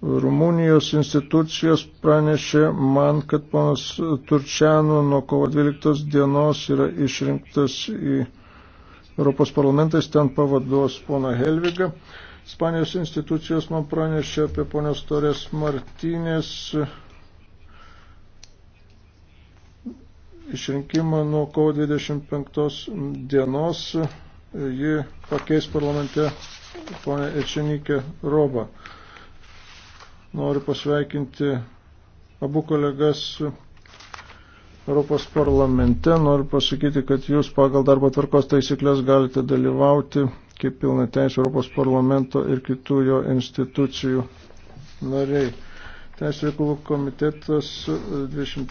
Rumunijos institucijos pranešė man, kad ponas Turčianų nuo kovo 12 dienos yra išrinktas į Europos parlamentais, ten pavaduos pona Helviga. Ispanijos institucijos man pranešė apie ponios Torės Martinės išrinkimą nuo kovo 25 dienos. Ji pakeis parlamente ponę Ečenykę Robą. Noriu pasveikinti abu kolegas Europos parlamente. Noriu pasakyti, kad jūs pagal darbo tvarkos taisyklės galite dalyvauti kaip pilna teisė Europos parlamento ir kitų jo institucijų nariai. Teisės reikalų komitetas 20. E,